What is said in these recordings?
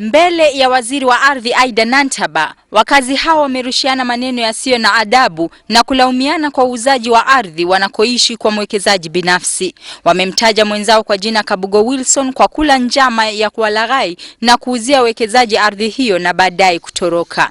Mbele ya waziri wa ardhi Aida Nantaba, wakazi hao wamerushiana maneno yasiyo na adabu na kulaumiana kwa uuzaji wa ardhi wanakoishi kwa mwekezaji binafsi. Wamemtaja mwenzao kwa jina Kabugo Wilson kwa kula njama ya kuwalaghai na kuuzia wekezaji ardhi hiyo na baadaye kutoroka.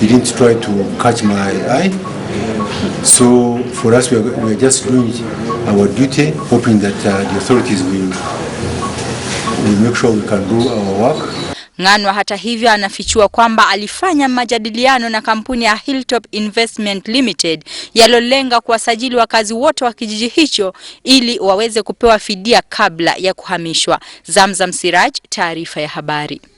didn't try to catch my eye. So for us, we are, we are just doing our duty, hoping that uh, the authorities will, will make sure we can do our work. Ng'anwa hata hivyo anafichua kwamba alifanya majadiliano na kampuni ya Hilltop Investment Limited yalolenga kuwasajili wakazi wote wa kijiji hicho ili waweze kupewa fidia kabla ya kuhamishwa. Zamzam Siraj, taarifa ya habari.